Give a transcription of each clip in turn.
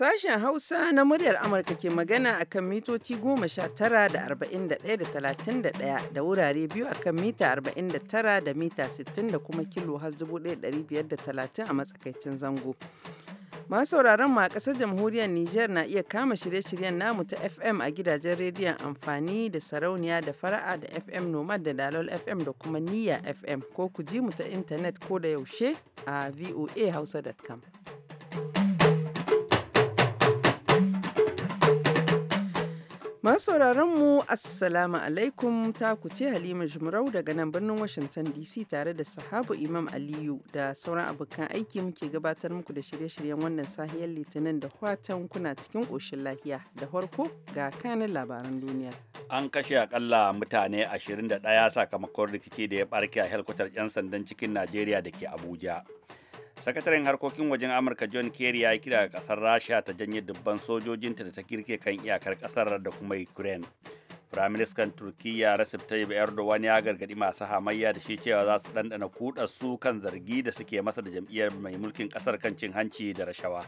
Sashen Hausa na muryar Amurka ke magana a kan mitoci 19 da 41 da 31 da wurare biyu a kan mita 49 da mita 60 da kuma kilo har 1530 a matsakaicin zango. Masu sauraron ma ƙasar jamhuriyar Nijar na iya kama shirye-shiryen namu ta FM a gidajen rediyon amfani da sarauniya da fara'a da FM Nomad da Dalol FM da kuma Niyya FM ko ku ji mu ta intanet ko da yaushe a voahausa.com. Masu mu Assalamu alaikum ta ku ce Halima Jumrau daga nan birnin Washington DC tare da sahabu Imam Aliyu da sauran abokan aiki muke gabatar muku da shirye-shiryen wannan sahiyar Litinin da watan kuna cikin ƙoshin lafiya da farko ga kanin labaran duniya. An kashe akalla mutane 21 sakamakon rikici da ya barke a helkwatar 'yan sandan cikin Najeriya da ke Abuja. sakataren harkokin wajen amurka john kerry ya yi kira kasar rasha ta janye dubban sojojinta da ta kirke kan iyakar kasar da kuma ukraine firaministan turkiyya recep tayyip erdogan ya gargadi masu hamayya da shi cewa za su ɗanɗana kuɗa su kan zargi da suke masa da jam'iyyar mai mulkin kasar kan cin hanci da rashawa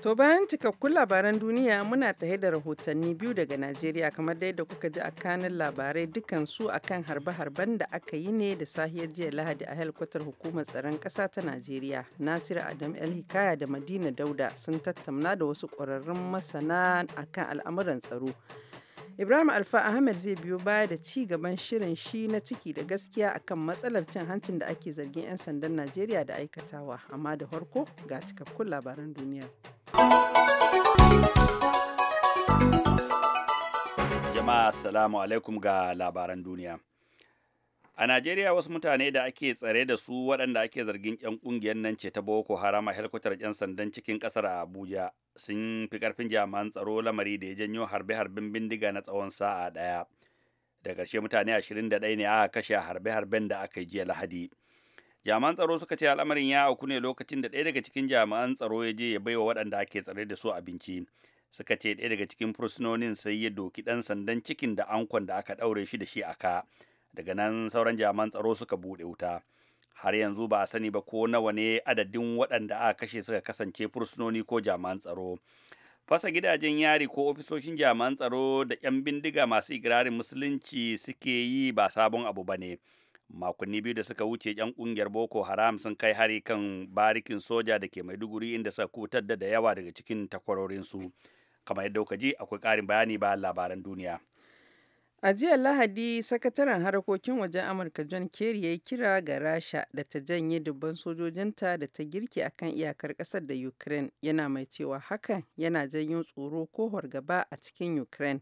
To bayan cikakkun labaran duniya muna tahe da rahotanni biyu daga Najeriya kamar dai da kuka ji a kanin labarai dukan su akan harbe-harben da aka yi ne da sahiyar jiya Lahadi a helkwatar hukumar tsaron ƙasa ta Najeriya. Nasiru Adam El Hikaya da Madina Dauda sun tattauna da wasu ƙwararrun masana akan al'amuran tsaro. Ibrahim Alfa Ahmed zai biyo baya da ci gaban shirin shi na ciki da gaskiya akan matsalar cin hancin da ake zargin 'yan sandan Najeriya da aikatawa, amma da farko ga cikakkun labaran duniya. Jama'a Assalamu alaikum ga labaran duniya. A Najeriya wasu mutane da ake tsare da su waɗanda ake zargin 'yan ƙungiyar nan ce ta Boko Haram a helikwatar 'yan sandan cikin ƙasar Abuja sun fi ƙarfin jami'an tsaro lamari da ya janyo harbe-harben bindiga na tsawon sa'a ɗaya. Da ƙarshe mutane ashirin da ɗaya ne aka kashe harbe-harben da aka yi jiya Lahadi. jami'an tsaro suka ce al'amarin ya auku ne lokacin da ɗaya daga cikin jami'an tsaro ya je ya bai wa waɗanda ake tsare da su abinci suka ce ɗaya daga cikin fursunonin sai ya doki ɗan sandan cikin da ankon da aka ɗaure shi da shi a ka daga nan sauran jami'an tsaro suka buɗe wuta har yanzu ba a sani ba ko nawa ne adadin waɗanda aka kashe suka kasance fursunoni ko jami'an tsaro fasa gidajen yari ko ofisoshin jami'an tsaro da 'yan bindiga masu igirarin musulunci suke yi ba sabon abu ba ne makonni biyu da suka wuce yan kungiyar boko haram sun kai hari kan barikin soja da ke maiduguri inda suka kutar da yawa daga cikin takwarorinsu kamar yadda kuka ji akwai ƙarin bayani ba labaran duniya a jiya lahadi sakataren harkokin wajen amurka john kerry ya yi kira ga rasha da ta janye dubban sojojinta da ta girke akan iyakar kasar da ukraine yana mai cewa hakan yana janyo tsoro ko gaba a cikin ukraine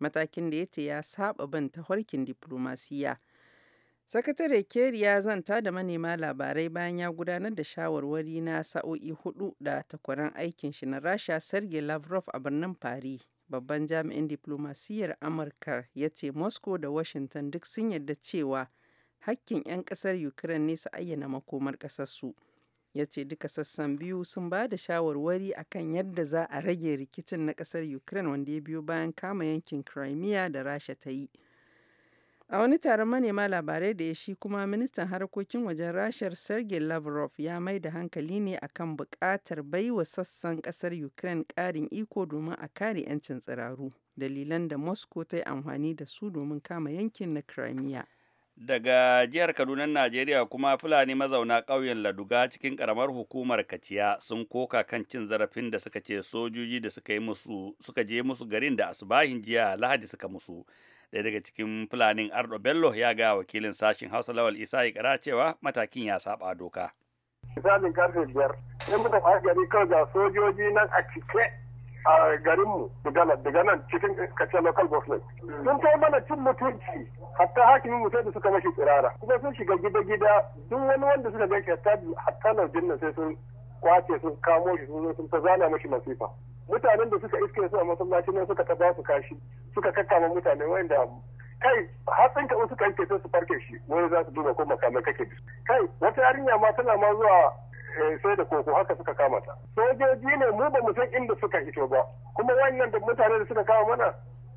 matakin da ya ce ya saba bin harkin diflomasiyya Sakatare Kerry ya zanta da manema labarai bayan ya gudanar da shawarwari na sa'o'i hudu da takwaran aikin shi na Rasha Sergei Lavrov a birnin Paris. Babban jami'in diplomasiyyar Amurka ya ce Moscow da Washington duk sun yarda cewa hakkin 'yan kasar Ukraine ne su ayyana makomar kasarsu. Ya ce duka sassan biyu sun ba da shawarwari akan yadda za a rage rikicin na kasar Ukraine wanda ya biyo bayan kama yankin Crimea da Rasha ta yi. A wani taron manema labarai da ya shi kuma ministan harkokin wajen Rashar Sergei Lavrov ya mai da hankali ne akan bukatar baiwa sassan kasar Ukraine ƙarin iko domin a kare 'yancin tsiraru, dalilan da Moscow ta yi amfani da su domin kama yankin na Crimea. daga jihar kaduna najeriya kuma fulani mazauna ƙauyen laduga cikin ƙaramar hukumar kaciya sun koka kan cin zarafin da suka ce sojoji da suka yi suka je musu garin da asubahin jiya lahadi suka musu ɗaya daga cikin fulanin ardo bello ya ga wakilin sashin hausa lawal isa ya kara cewa matakin ya saba doka misalin karfe biyar in muka fara gari kawai ga sojoji nan a cike a garinmu daga nan cikin kace local government hmm. sun kai mana cin mutunci hatta hakimin mutum da suka mashi tsirara kuma sun shiga gida-gida duk wani wanda suka ganshi hatta hatta nan sai sun kwace sun kamo shi sun zo sun ta zana mashi masifa mutanen da suka iske su a masallaci nan suka taba su kashi suka kakkama mutane wanda kai hatsin ka suka iske sai su farke shi wani za su duba ko makamai kake da kai wata yarinya ma tana ma zuwa eh, sai da koko haka suka kama ta sojoji ne mu ba mu san inda suka hito ba kuma wannan da mutane da suka kama mana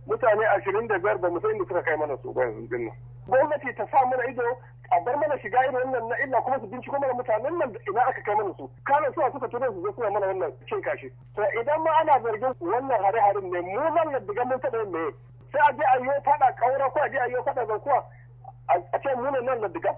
mutane ashirin da biyar ba mu sai da suka kai mana su ba yanzu din nan gwamnati ta sa mana ido a bar mana shiga irin wannan na illa kuma su binciko mana mutanen nan ina aka kai mana su kana suna suka tura su zo suna mana wannan cin kashi to idan ma ana zargin wannan hare-haren ne mu nan diga mun taɓa me sai a je a yi faɗa ƙaura ko a je a yi faɗa zankuwa a ce mu ne nan da diga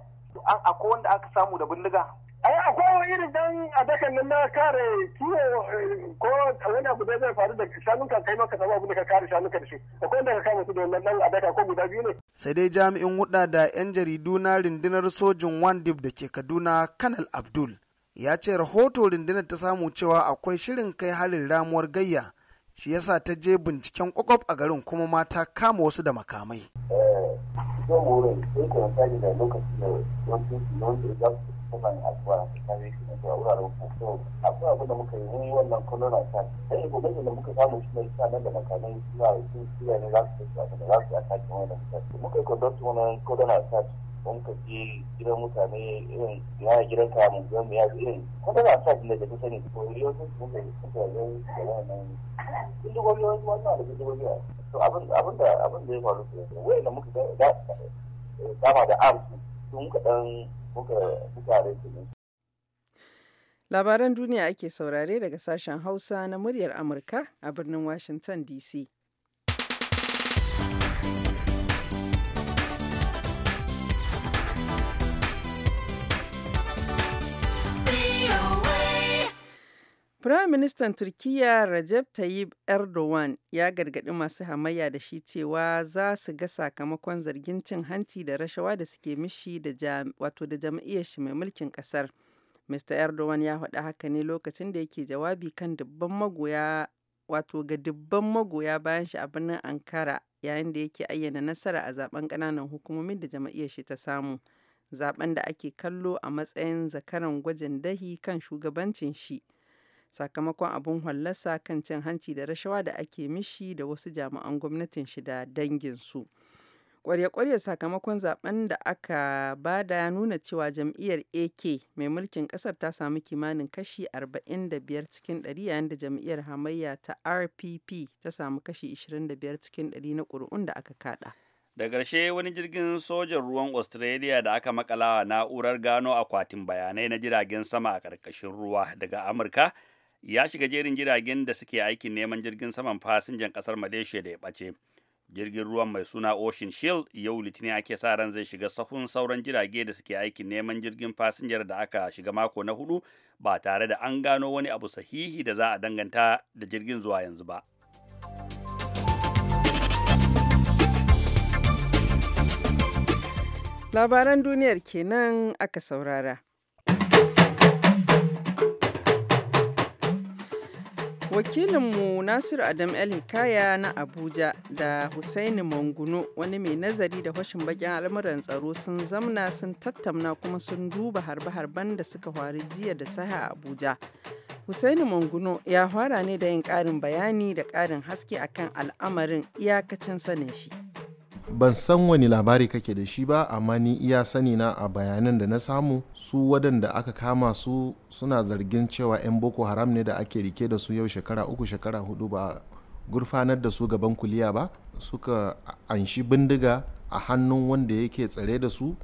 akwai wanda aka samu da bindiga ai akwai irin dan adakan nan na kare kiwo eh, ko wani abu da zai faru da shanun ka kai maka samu abu da ka kare shanun ka da shi akwai wanda ka kama su da wannan dan adaka ko guda biyu ne sai dai jami'in huda da yan jaridu na rundunar sojin wandib da ke kaduna kanal abdul ya ce rahoto rundunar ta samu cewa akwai shirin kai halin ramuwar gayya shi yasa ta je binciken kwakwaf a garin kuma ma kama wasu da makamai. Eh, musamman al'uwa ta kare shi da wuraren kusa akwai abu da muka yi wani wannan kolona ta sai ne gobe da muka samu shi mai sa nan da makamin suna su suna ne za su tafi da za su ataki wannan mutane muka yi kondokta wannan kolona ta mun ka je gidan mutane irin ya gidan ka mu ga mu ya irin kolona ta ne da kusa ne ko yau sun mun ga su da wannan duk wani wani wannan da duk wani to abin abin da abin da ya faru wai da muka ga dama da arsu sun ka dan Labaran duniya ake saurare daga sashen Hausa na muryar Amurka a birnin Washington DC. Firaministan Turkiyya Recep Tayyip Erdogan ya gargaɗi masu hamayya da shi cewa za su ga sakamakon zargin cin hanci da rashawa da suke mishi da jam'iyyar shi mai mulkin ƙasar. Mr. Erdogan ya haɗa haka ne lokacin da yake jawabi kan dubban magoya wato ga dubban magoya bayan shi a birnin Ankara yayin da yake ayyana nasara a zaben ƙananan hukumomin da jam'iyyar shi ta samu. Zaben da ake kallo a matsayin zakaran gwajin dahi kan shugabancin shi. sakamakon abun hallasa kan cin hanci da rashawa da ake mishi da wasu jami'an gwamnatin shi da su Kwarya-kwarya sakamakon zaben da aka bada ya nuna cewa jam'iyyar AK mai mulkin kasar ta samu kimanin kashi 45 cikin 100 yayin da jam'iyyar hamayya ta RPP ta samu kashi 25 cikin 100 na ƙuri'un da aka kada. da ƙarshe wani jirgin sojan ruwan australia da aka makala na'urar gano akwatin bayanai na jiragen sama a ƙarƙashin ruwa daga amurka ya shiga jerin jiragen da suke aikin neman jirgin saman fasinjan kasar malaysia da ya ɓace jirgin ruwan mai suna ocean shield yau litinin ake sa ran zai shiga sahun sauran jirage da suke aikin neman jirgin fasinjar da aka shiga mako na hudu ba tare da an gano wani abu sahihi da za a danganta da jirgin zuwa yanzu ba labaran duniyar kenan aka saurara Wakilinmu Nasiru Adam El Hikaya na Abuja da Husaini Manguno wani mai nazari da fashin bakin al'amuran tsaro sun zamna sun tattauna kuma sun duba harbe-harben da suka faru jiya da saha a Abuja. Husaini Manguno ya fara ne da yin ƙarin bayani da ƙarin haske akan al'amarin iyakacin sanin shi. ban san wani labari kake da shi ba amma ni iya sani na a bayanan da na samu su wadanda aka kama su suna zargin cewa 'yan boko haram ne da ake rike da su yau shekara uku shekara hudu ba gurfanar da su gaban kuliya ba suka anshi bindiga a hannun wanda yake tsare da su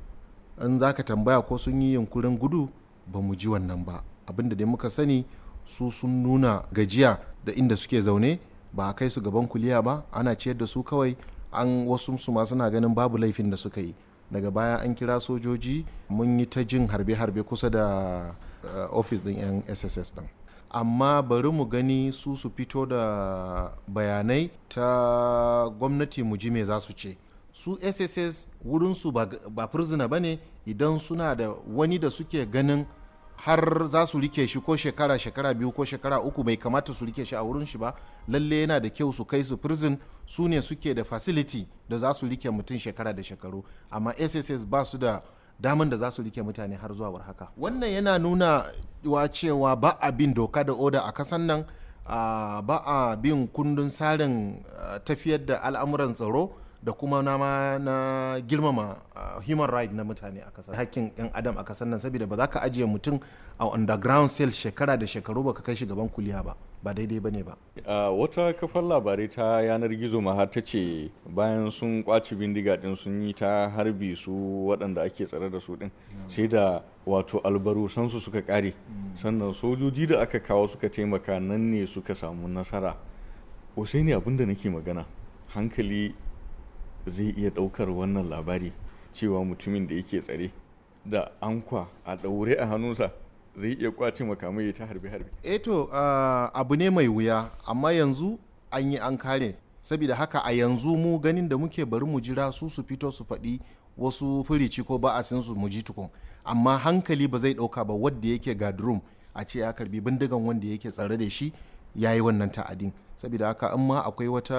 in za ka tambaya ko sun yi yunkurin gudu ba mu ji wannan ba abinda dai muka sani su sun nuna gajiya da inda suke zaune ba a kai su gaban kuliya ba ana ciyar da su kawai an wasu su ma suna ganin babu laifin da suka yi daga baya an kira sojoji mun yi ta jin harbe-harbe kusa da eh, ofis din yan sss din amma bari mu gani su su fito da bayanai ta gwamnati mu ji me za su ce su sss wurinsu ba, ba ba ne idan suna da wani da suke ganin har za su rike shi ko shekara shekara biyu ko shekara uku bai kamata su rike shi a wurin shi ba lalle yana da kyau su kai su prison su ne suke da facility da za su rike mutum shekara da shekaru amma sss ba su da daman da za su rike mutane har zuwa war haka wannan yana nuna wa cewa ba a bin doka da oda a kasan nan ah, ba a bin kundin tsarin ah, tafiyar da al'amuran tsaro da kuma na ma na girmama uh, human right na mutane a kasar hakkin yan adam a kasar nan saboda ba za ka ajiye mutum a underground cell shekara da shekaru ba ka kai shi gaban kuliya ba ba daidai ba ne ba uh, wata kafar labarai ta yanar gizo ma har ta ce bayan sun kwaci bindiga din sun yi ta harbi su waɗanda ake tsare da su din sai da wato san su suka kare sannan sojoji da aka kawo suka taimaka nan ne suka samu nasara ne abin da nake magana hankali zai iya ɗaukar wannan labari cewa mutumin da yake tsare da ankwa a ɗaure a hannunsa zai iya kwace makamai ta harbe-harbe. eto eh ah, abu ne mai wuya amma yanzu an yi an kare saboda haka a yanzu mu ganin da muke bari mu jira su su fito su faɗi wasu firici ko ba'asin su mu ji tukun amma hankali ba zai ɗauka ba wadda yake gadrum a ce ya karbi bindigan wanda yake tsare da shi ya yi wannan ta'adin saboda haka in ma akwai wata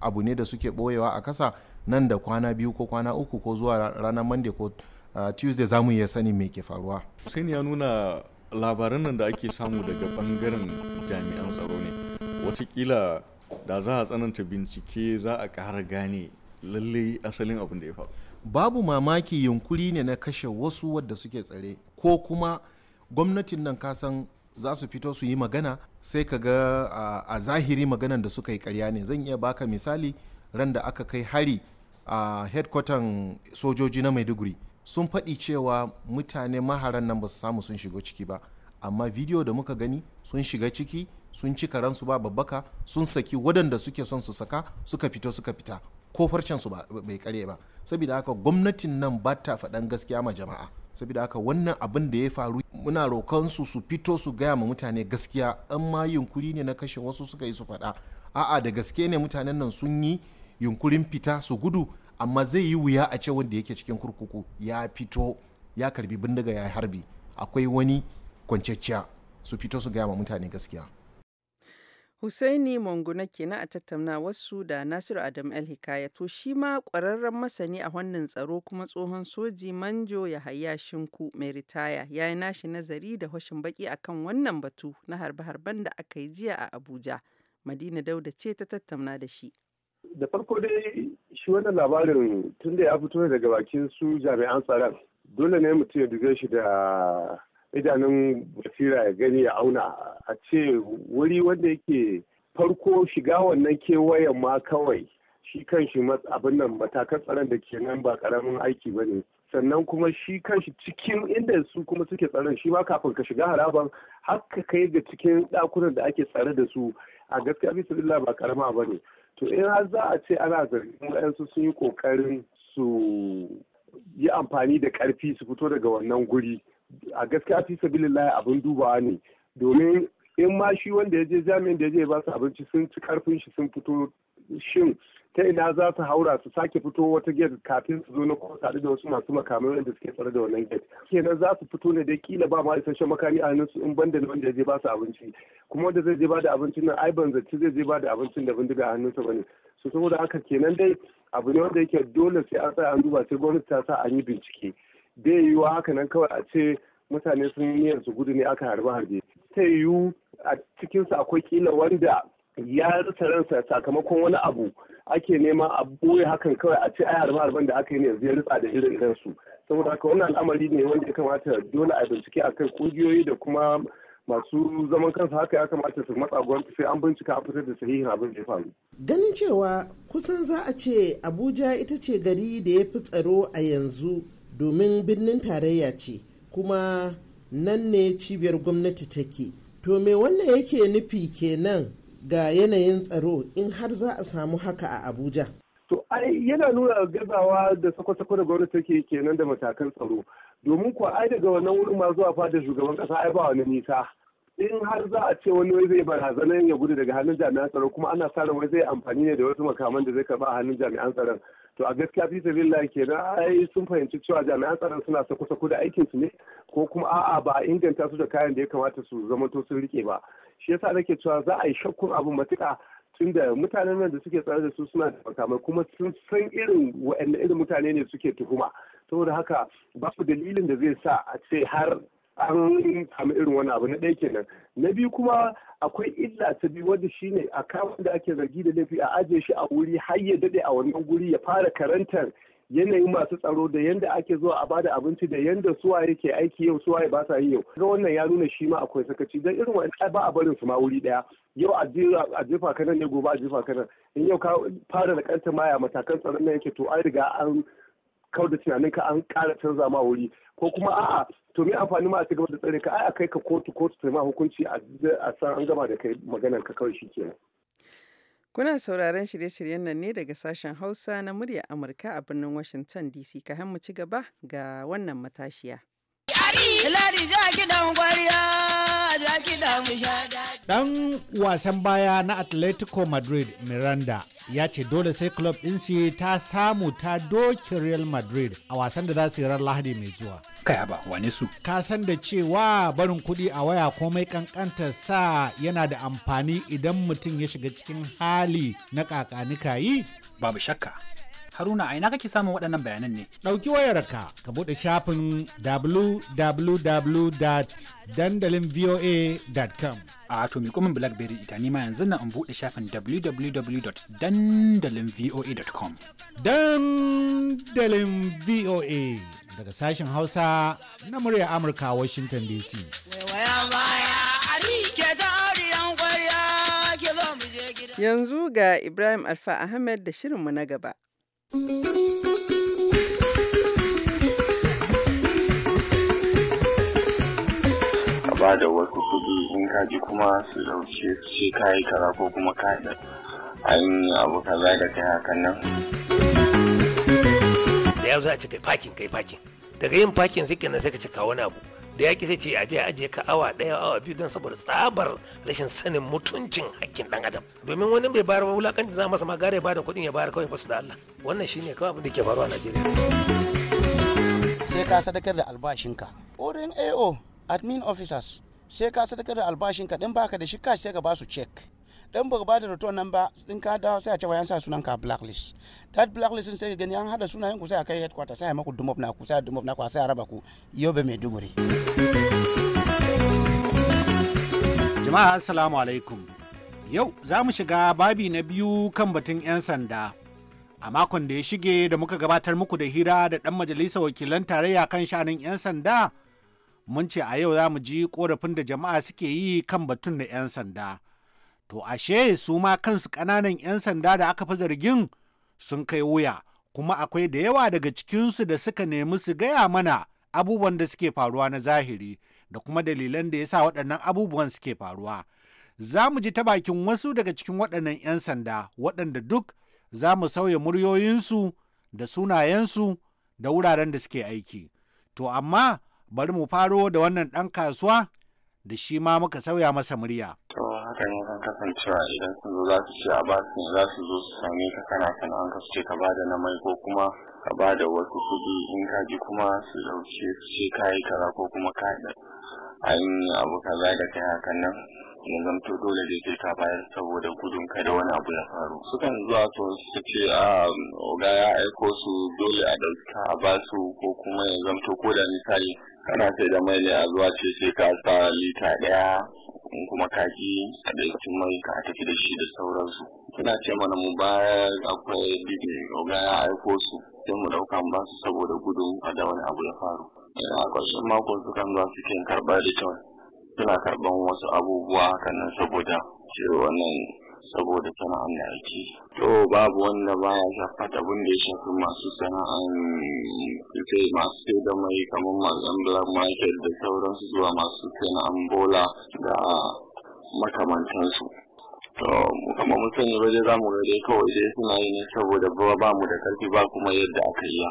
abu ne da suke ɓoyewa a kasa nan da kwana biyu ko kwana uku ko zuwa ranar monday ko ah, tuesday za mu iya sani me ke faruwa hussein ya nuna labaran nan da ake samu daga bangaren jami'an tsaro ne watakila da za a tsananta bincike za a ƙara gane lallai asalin abin da ya faru babu mamaki yunkuri ne na kashe wasu wadda suke tsare ko kuma gwamnatin nan kasan za su fito su yi magana sai ka ga a zahiri maganan da suka yi karya ne zan iya baka misali ran da aka kai hari a headquarter sojoji na maiduguri sun faɗi cewa mutane maharan nan ba su samu sun shiga ciki ba amma video da muka gani sun shiga ciki sun ci ransu ba babbaka sun saki waɗanda suke son su saka suka fito suka fita ko farcen su bai kare ba saboda haka gwamnatin nan ba ta faɗan gaskiya ma jama'a saboda haka wannan abin da ya faru muna rokan su su fito su gaya ma mutane gaskiya an ma yunkuri ne na kashe wasu suka yi su faɗa a'a da gaske ne mutanen nan sun yi yunkurin fita su gudu amma zai yi wuya a ce wanda yake cikin kurkuku ya fito ya karbi bindiga ya harbi akwai wani kwanciyar su fito su gaya ma mutane gaskiya Husaini Monguna kenan a tattauna wasu da Nasiru Adam El Hikaya to shi ma ƙwararren masani a wannan tsaro kuma tsohon soji Manjo Yahaya Shinku mai ritaya ya yi nashi nazari da hoshin baki akan wannan batu na harbe-harben da aka yi jiya a Abuja. Madina Dauda ce ta tattauna da shi. Da farko dai shi wannan labarin tun da ya fito daga bakin su jami'an tsaron dole ne mutum ya dube shi da idanun basira ya gani ya auna a ce wuri wanda yake farko shiga wannan kewayen ma kawai shi kan shi abin nan matakan tsaron da ke nan ba karamin aiki ba ne sannan kuma shi kan shi cikin inda su kuma suke tsaron shi ma kafin ka shiga haraban haka ka kai ga cikin dakunan da ake tsare da su a gaskiya bisa billah ba karama ba ne to in har za a ce ana zargin wayansu sun yi kokarin su yi amfani da karfi su fito daga wannan guri a gaskiya fi sabilillahi abin dubawa ne domin in ma shi wanda ya je jami'in da ya je ba su abinci sun ci karfin shi sun fito shin ta ina za su haura su sake fito wata gate kafin su zo na kuma tare da wasu masu makamai wanda suke tsare da wannan gate kenan za su fito ne dai kila ba ma isasshen makami a hannun su in banda da wanda ya je ba su abinci kuma wanda zai je ba da abincin nan ai ban zaci zai je ba da abincin da bindiga a hannunsa bane su saboda haka kenan dai abu ne wanda yake dole sai an tsaya an duba sai gwamnati ta sa an yi bincike bai yiwuwa haka nan kawai a ce mutane sun niyyar su gudu ne aka harba harbe ta yiwu a cikinsu akwai kila wanda ya rasa ransa sakamakon wani abu ake nema a boye hakan kawai a ce ai harbe harben da aka yi ne zai rutsa da irin irin su saboda haka wannan al'amari ne wanda ya kamata dole a bincike a kai kungiyoyi da kuma masu zaman kansu haka ya kamata su matsa gwamnati sai an bincika a fitar da sahihin abin da ya faru. Ganin cewa kusan za a ce Abuja ita ce gari da ya fi tsaro a yanzu domin birnin tarayya ce kuma nan ne cibiyar gwamnati take to me wannan yake nufi kenan ga yanayin tsaro in har za a samu haka a abuja to ai yana nuna gazawa da sako-sako da gwamnati take kenan da matakan tsaro domin kuwa ai daga wannan wurin ma zuwa fada shugaban kasa ai ba wani nisa in har za a ce wani wai zai barazanar ya gudu daga hannun jami'an tsaro kuma ana sa wai zai amfani ne da wasu makaman da zai karba a hannun jami'an tsaron to a gaskiya fi sabilillah kenan ai sun fahimci cewa jami'an tsaron suna sako sako da aikin su ne ko kuma a'a ba a inganta su da kayan da ya kamata su zamanto sun rike ba shi yasa nake cewa za a yi shakkun abin matuƙa tunda mutanen nan da suke tsare da su suna da makamai kuma sun san irin waɗanne irin mutane ne suke tuhuma saboda haka babu dalilin da zai sa a ce har an samu irin wani abu na ɗaya kenan na biyu kuma akwai illa ta biyu wanda shine a kamun da ake zargi da laifi a ajiye shi a wuri har ya daɗe a wannan guri ya fara karantar yanayin masu tsaro da yanda ake zuwa a bada abinci da yanda suwa yake aiki yau suwa ya basa yi yau ga wannan ya nuna shi ma akwai sakaci dan irin wani ba a barin su ma wuri daya yau a jefa kanan ne gobe a jefa kanan in yau ka fara da kanta maya matakan tsaron na yake to an riga an kawar da tunanin ka an ƙara canza ma wuri ko kuma a'a to me amfani ma a cigaba da tsare ka ai a kai ka kotu kotu ta ma hukunci a san an gama da kai maganar ka kawai shi shikenan Kuna sauraron shirye-shiryen nan ne daga sashen Hausa na murya Amurka a birnin Washington DC ka mu ci gaba ga wannan matashiya. Dan wasan baya na Atletico Madrid Miranda ya ce dole sai club din su ta samu ta doki Real Madrid a wasan da za su yi ran Lahadi mai zuwa. Kaya ba wane su? Ka san da cewa barin kuɗi a waya komai kankanta sa yana da amfani idan mutum ya shiga cikin hali na kakanika yi? Babu shakka. Haruna a ina kake samun waɗannan bayanan ne? Ɗauki wayarka ka buɗe shafin www.dandalinvoa.com. A to mi kumin Blackberry ita nima yanzu na in buɗe shafin www.dandalinvoa.com. Dandalin VOA daga sashen Hausa na murya Amurka Washington DC. Yanzu ga Ibrahim Alfa Ahmed da shirin mu na gaba. Ka ba da wasu kuɗi in ka ji kuma su dauke shi ka yi kara ko kuma ka yi an abu za da kai hakan nan. Da yau za a ci kai pakin, kai pakin Daga yin pakin sai kenan sai ka cika wani abu. da ya sai ce aje aje ka awa ɗaya awa biyu don saboda tsabar rashin sanin mutuncin hakkin ɗan adam domin wani bai bayar wulakanci za masa ma gare ba da kuɗin ya bayar kawai fasu da Allah wannan shine kawai abin da ke faruwa a Najeriya. sai ka sadakar da albashinka wurin AO admin officers sai ka sadakar da albashinka din baka da shi cash sai ka basu su check dan baka bada return nan ba din ka dawo sai a ce wayan sa sunan ka blacklist that blacklist sai ka gani an hada sunayen ku sai a kai headquarters sai a maku dumop na ku sai dumop na ku sai a raba ku yobe mai duguri jama'a assalamu alaikum yau za mu shiga babi na biyu kan batun 'yan sanda a makon da ya shige da muka gabatar muku da hira da dan majalisar wakilan tarayya kan shanin 'yan sanda mun ce a yau za mu ji korafin da jama'a suke yi kan batun da 'yan sanda to ashe su ma kansu ƙananan 'yan sanda da aka fi zargin sun kai wuya kuma akwai da yawa daga cikinsu da suka nemi su gaya mana abubuwan da suke faruwa na zahiri da kuma dalilan da ya sa waɗannan abubuwan suke faruwa za mu ji ta bakin wasu daga cikin waɗannan 'yan sanda waɗanda duk za mu sauya muryoyinsu da sunayensu da wuraren da suke aiki to amma bari mu faro da wannan ɗan kasuwa da shi ma muka sauya masa murya. sun kasancewa idan sun zo za su ce a ba su za su zo su same ka kana sana'an ka ce ka ba da na mai ko kuma ka ba da wasu kuɗi in ka ji kuma su ɗauke su ce ka yi kaza ko kuma ka yi an yi abu da kai hakan nan ya zamto dole da ke ka bayar saboda gudun kada wani abu ya faru sukan zuwa to su ce a ah, oga ya aiko su dole a ɗauka a ba su ko kuma ya zamto ko da misali kana sai da mai ne a zuwa ce ka sa lita ɗaya in kuma ka ji a ɗauki mai ka tafi da shi da sauransu suna ce mana mu baya akwai bidin oga ya aiko su sai mu ɗauka ba su saboda gudun da wani abu ya faru a ƙarshen mako sukan zuwa suke karɓar return suna karɓan wasu abubuwa nan saboda cewa wannan saboda sana'an da ake to babu wanda baya ta abin da ya shafi masu sana'an ita masu sai da mai kamar mazan black market da sauransu zuwa masu sana'an bola da makamantansu to kuma mun sani ba za mu ga dai kawai dai suna yi ne saboda ba mu da karfi ba kuma yadda aka yi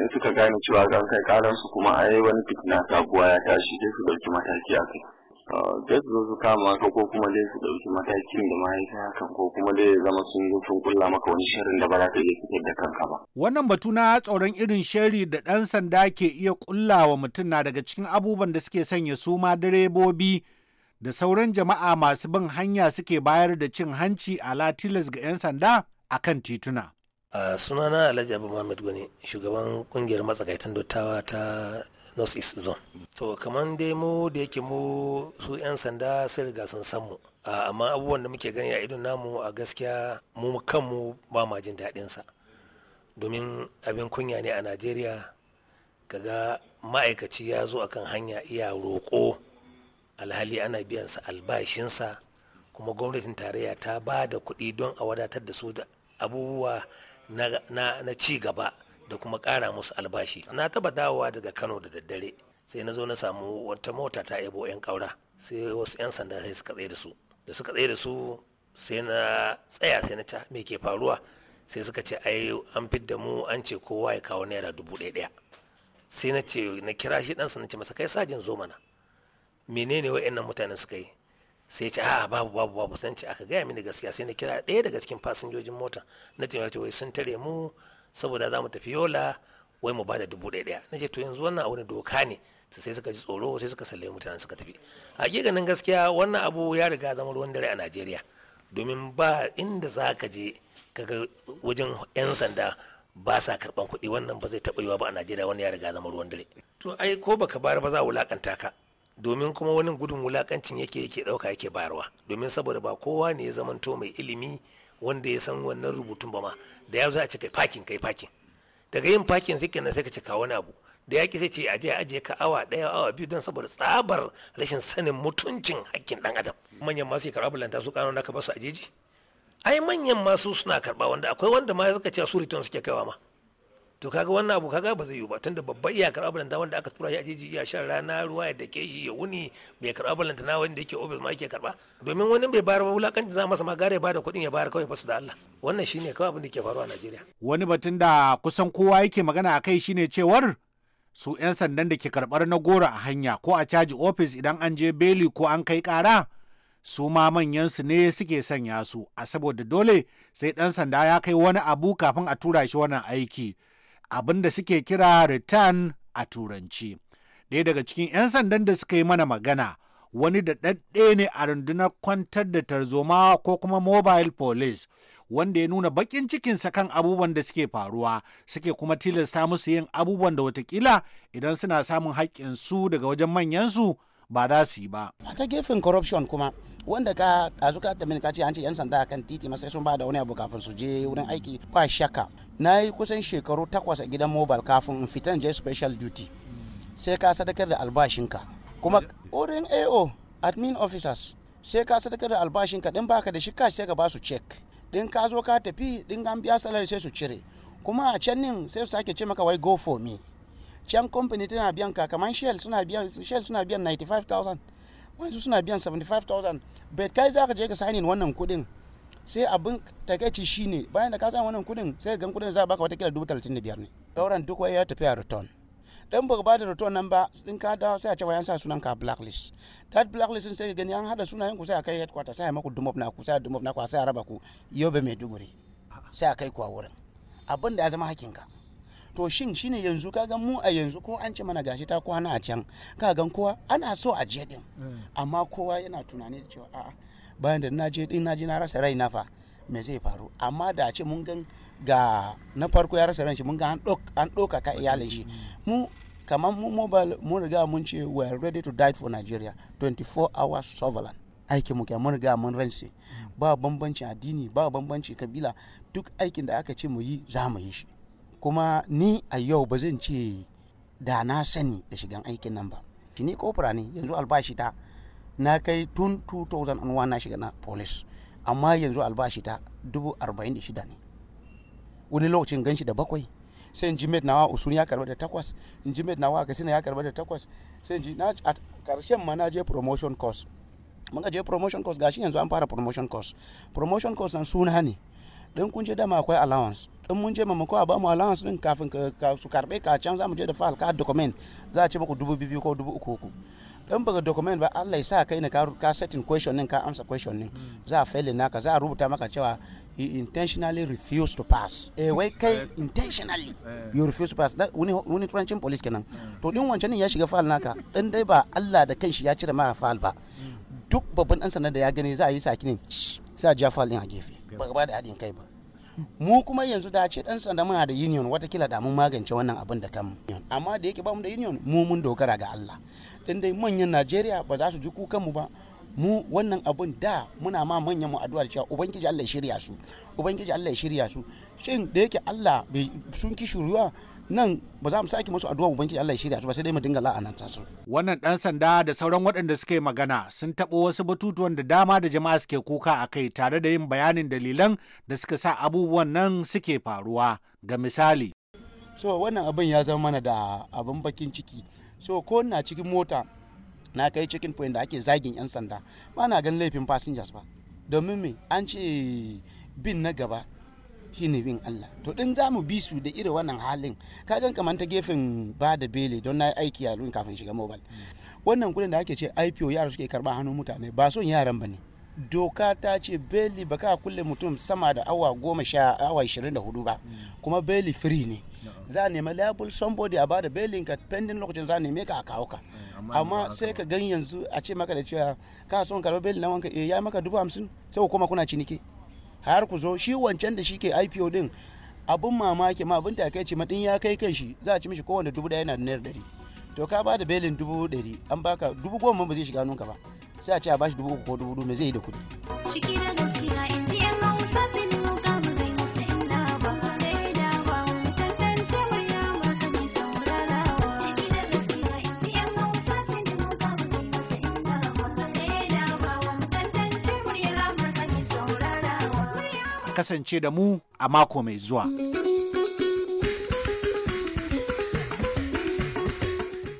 in suka gane cewa zan kai karansu kuma ai wani fitina sabuwa ya tashi sai su dauki mataki a kai zai eh, zo su kama ka ko kuma dai su ɗauki matakin da mahaifi hakan ko kuma dai zama sun zo sun kulla maka wani shirin da ba za ka iya fitar da kanka ba. Wannan batu na tsoron irin shari da ɗan sanda ke iya kulla wa mutum na daga cikin abubuwan da suke sanya su ma direbobi da sauran jama'a masu bin hanya suke bayar da cin hanci a latilas ga 'yan sanda a kan tituna. a sunana alhaji abu muhammad gani shugaban kungiyar matsakaitan dottawa ta north east zone to kamar dai mu da yake mu su 'yan sanda sun riga sun san mu amma abubuwan da muke gani a idon namu a gaskiya mu kanmu ba ma jin daɗinsa domin abin kunya ne a najeriya kaga ma'aikaci ya zo akan hanya iya roƙo alhali ana sa albashinsa kuma gwamnatin tarayya ta ba da kuɗi don a wadatar da su da abubuwa na ci gaba da kuma kara musu albashi na taba dawowa daga kano da daddare sai na zo na samu wata mota ta ebo 'yan kaura sai wasu 'yan sanda sai suka tsaye da su da suka tsaye da su sai na tsaya sai na ta me ke faruwa sai suka ce ai an fidda mu an ce kowa ya kawo naira dubu ɗaya ɗaya sai na ce na kira shi ɗansa na ce masa kai sajin zo mana menene wa'annan mutanen suka yi sai ya ce a ah, babu babu babu san ce aka gaya mini gaskiya sai na kira ɗaya daga cikin fasinjojin mota na ce wace wai sun tare mu saboda za mu tafi yola wai mu bada dubu ɗaya ɗaya na ce to yanzu wannan abu ne doka ne sai suka ji tsoro sai suka sallai mutane suka tafi a ganin gaskiya wannan abu ya riga zama ruwan dare a najeriya domin ba inda za ka je kaga wajen 'yan sanda ba sa karban kuɗi wannan ba zai taɓa yiwa ba a najeriya wani ya riga zama ruwan dare to ai ko baka bar ba za a wulakanta ka domin kuma wani gudun wulakancin yake yake ɗauka yake bayarwa domin saboda ba kowa ne ya zamanto mai ilimi wanda ya san wannan rubutun ba ma da ya za a ce kai fakin kai pakin daga yin pakin sai kenan sai ka ce kawo abu da yaƙi sai ce aje aje ka awa daya awa biyu don saboda tsabar rashin sanin mutuncin hakkin ɗan adam manyan masu karabu lanta su kano naka ba su ajeji ai manyan masu suna karba wanda akwai wanda ma suka ce su return suke kaiwa ma to kaga wannan abu kaga ba zai yiwu ba tunda babban iya karɓar balanta wanda aka tura shi a jeji iya shan rana ruwa ya dake shi ya wuni bai karɓar balanta na wanda yake obis ma yake karɓa domin wani bai bayar ba wulakanci za masa ma gare ya bada kuɗin ya bayar kawai fasu da Allah wannan shine kawai abin da ke faruwa a Najeriya wani batun da kusan kowa yake magana akai shine cewar su 'yan sandan da ke karɓar na goro a hanya ko a caji ofis idan an je beli ko an kai ƙara su ma manyan su ne suke sanya su a saboda dole sai ɗan sanda ya kai wani abu kafin a tura shi wannan aiki abin da suke kira return a turanci. Ɗaya daga cikin 'yan sandan da suka yi mana magana wani da ɗaɗɗe ne a rundunar kwantar da tarzoma ko kuma mobile police wanda ya nuna baƙin cikinsa kan abubuwan da suke faruwa suke kuma tilasta musu yin abubuwan da watakila idan suna samun haƙƙinsu daga wajen manyansu ba za su yi ba. A ta gefen corruption kuma wanda ka ɗazu ka tambayi ka ce an ce 'yan sanda kan titi ma sai sun ba da wani abu kafin su je wurin aiki ba shakka na yi kusan shekaru takwas a gidan mobile kafin in fitan je special duty sai ka sadakar da albashinka kuma wurin ao admin officers sai ka sadakar da albashinka din baka da shi cash sai ka ba su check din ka zo ka tafi din an biya salari sai su cire kuma a can nin sai su sake ce maka wai go for me can company tana biyan ka kamar shell suna biyan shell suna biyan 95000 wanzu suna biyan 75,000 bai kai za ka je ka sainin wannan kuɗin sai abin takaici shine bayan da ka samu wannan kuɗin sai gan kuɗin za a baka watakila dubu talatin biyar ne sauran duk wai ya tafi a return dan ka ba da return nan ba in ka dawo sai a cewa yan sa sunan ka blacklist that blacklist sai ka gani an hada sunayen ku sai a kai headquarter sai a maku dumop na ku sai a dumop na ku sai a raba ku yobe mai duguri sai a kai ku a wurin abin da ya zama hakinka to shin shine yanzu kaga mu a yanzu ko an ce mana gashi ta kwana a can kagan kowa ana so a je din eh. amma kowa yana tunani da cewa a'a bayan da na je din na je na rasa rai na fa me zai faru amma da ce mun gan ga na farko ya rasa rai shi mun ga an ɗauka ka iyalin shi mu kamar mu mobile mun riga mun ce we are ready to die for Nigeria 24 hours sovereign aikin mu mun riga mun rance hmm. ba bambancin addini ba bambancin kabila duk aikin da aka ce mu yi za mu yi shi kuma ni a yau ba zan ce da na sani da shigan aikin nan ba shi ni kofura ne yanzu albashi ta na kai tun 2001 na shiga na police amma yanzu albashi ta 46 ne wani lokacin ganshi da bakwai sai in ji mate nawa usun ya karba da takwas in ji mate nawa kasina ya karba da takwas sai in ji na a karshen ma na je promotion course muka je promotion course gashi yanzu an fara promotion course promotion course nan suna ne don kun ce dama akwai allowance in mun je mamako a bamu allowance din kafin su karbe ka can za mu je da file ka document za a ce muku dubu biyu ko dubu uku uku in baka document ba Allah ya sa kai ne ka ka setting question din ka amsa question din hmm. za a fail naka za a rubuta maka cewa he intentionally refused to pass eh wai eh. kai intentionally eh. you refuse to pass that wani wani turancin police kenan hmm. to din wancan ya shiga file naka dan dai ba Allah da kanshi ya cire maka file ba hmm. duk babban dan sanar da ya gani za a yi saki ne sai a ja file din a gefe ba ba da hadin kai ba mu kuma yanzu da ce dan sanda muna da union wata kila da mun magance wannan abin da kan amma da yake ba mu da union mu mun dogara ga Allah dan dai manyan Najeriya ba za su ji kukan mu ba mu wannan abun da muna ma manyan mu addu'ar cewa ubangiji Allah ya shirya su ubangiji Allah ya shirya su shin da yake Allah sun ki shuruwa nan ba za mu sake musu addu'a ubangiji Allah ya shirya su ba sai dai mu dinga la'ananta su wannan dan sanda da sauran waɗanda suka yi magana sun tabo wasu batutuwan da dama da jama'a suke kuka a kai tare da yin bayanin dalilan da suka sa abubuwan nan suke faruwa ga misali so wannan abin ya zama mana da abin bakin ciki so ko na cikin mota na kai cikin point da ake zagin 'yan sanda ba na gan laifin passengers ba domin me an ce bin na gaba shine bin Allah to in za mu bi su da irin wannan halin ka gan kamar ta gefen ba da bele don na aiki a lokacin kafin shiga mobile wannan kudin da ake ce IPO yara suke karba hannun mutane ba son yaran bane doka ta ce beli baka kulle mutum sama da awa goma sha awa ishirin da hudu ba kuma beli free ne za a nema label somebody a da belin ka pending lokacin za a neme ka a kawo ka eh, amma sai ka gan yanzu a ce maka da cewa ka son karɓar belin na wanka eh, ya maka dubu hamsin sai kuma kuna ciniki har ku zo shi wancan da shi ke IPO din abun mamaki ma abin takaici ma din ya kai kan shi za a ci mishi kowanne dubu daya yana da naira dari to ka ba da belin dubu dari an baka dubu goma ba zai shiga nunka ba sai a ce a bashi dubu uku ko dubu me zai yi da kuɗi. Ciki da gaskiya kasance da mu a mako mai zuwa.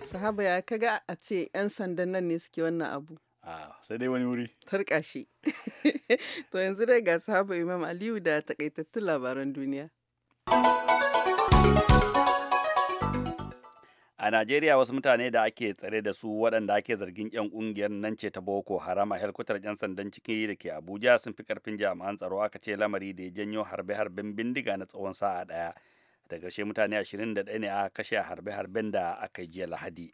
Sahaba ya kaga a ce 'yan sandan nan ne suke wannan abu. Ah, sai dai wani wuri. to yanzu dai ga sahaba Imam Aliyu da takaitattun labaran duniya. a najeriya wasu mutane da ake tsare da su waɗanda ake zargin 'yan ƙungiyar nan ce ta boko haram a helkutar 'yan sandan ciki da ke abuja sun fi karfin jami'an tsaro aka ce lamari da ya janyo harbe-harben bindiga na tsawon sa'a ɗaya da ƙarshe mutane 21 ne a kashe harbe-harben da aka yi jiya lahadi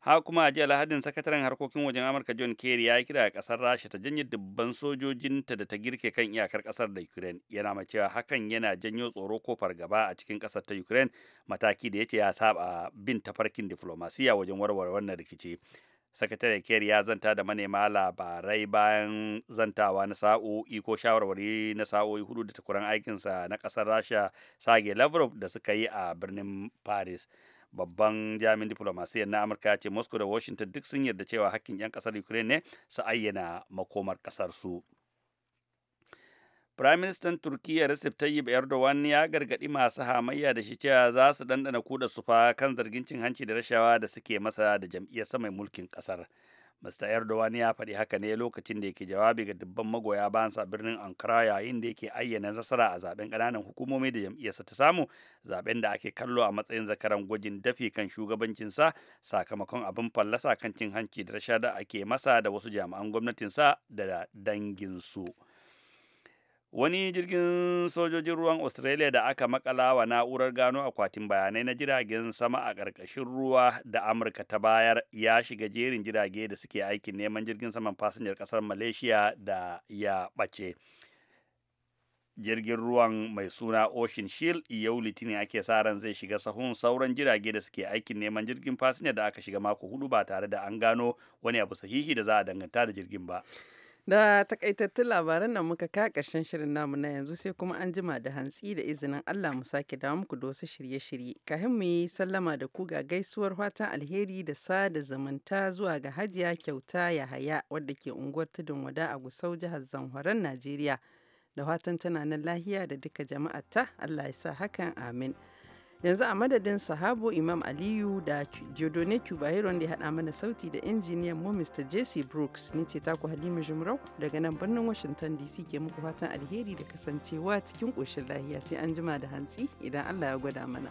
ha kuma a jiya lahadin sakataren harkokin wajen amurka john kerry ya kira kasar rasha ta janye dubban sojojinta da ta girke kan iyakar kasar da ukraine yana mai cewa hakan yana janyo tsoro ko fargaba a cikin kasar ta ukraine mataki da ya ce ya saba bin tafarkin diflomasiya wajen warware wannan rikici sakatare kerry ya zanta da manema labarai bayan zantawa na sa'o'i ko shawarwari na sa'o'i hudu da takwaran aikinsa na kasar rasha sage lavrov da suka yi a birnin paris babban jami'in diplomasiyyar na amurka ce moscow da washington duk sun yarda cewa hakkin 'yan kasar ukraine ne su ayyana makomar kasar su Firaministan Turkiyya Recep Tayyip Erdogan ya gargaɗi masu hamayya da shi cewa za su dandana kuɗa su fa kan zargin cin hanci da rashawa da suke masa da jam'iyyar mai mulkin kasar. Mr. Erdogan ya faɗi haka ne lokacin da yake jawabi ga dubban magoya sa birnin Ankara yayin da yake ayyana nasara a zaben ƙananan hukumomi da jam'iyyarsa ta samu zaben da ake kallo a matsayin zakaran gwajin dafi kan shugabancinsa sakamakon abin fallasa kan cin hanci da rashada da ake masa da wasu jami'an gwamnatinsa da danginsu. su. wani jirgin sojojin ruwan australia da aka makala wa na'urar gano akwatin bayanai na jiragen sama a ƙarƙashin ruwa da amurka ta bayar ya shiga jerin jirage da suke aikin neman jirgin saman fasinjar ƙasar malaysia da ya ɓace jirgin ruwan mai suna ocean shield yau litinin ake sa ran zai shiga sahun sauran jirage da suke aikin neman jirgin fasinjar da aka shiga mako hudu ba tare da an gano wani abu sahihi da za a danganta da jirgin ba Da takaitattun labaran nan muka ka ƙarshen shirin namu na yanzu sai kuma an jima da hantsi da izinin Allah mu sake dawo muku da wasu shirye-shirye. Kahin mu yi sallama da ku ga gaisuwar fatan alheri da sada zamanta zuwa ga Hajiya Kyauta Yahaya wadda ke unguwar Tudun Wada a Gusau jihar Zamfaran Najeriya. Da fatan tana nan lahiya da duka jama'arta Allah ya sa hakan amin. yanzu a madadin sahabo imam aliyu da jodone cubahiro da ya haɗa mana sauti da injiniyan mu mr jc brooks ni ce taku halima jumrau daga nan birnin washington dc ke muku fatan alheri da kasancewa cikin ƙoshin lahiya sai an jima da hantsi idan allah ya gwada mana.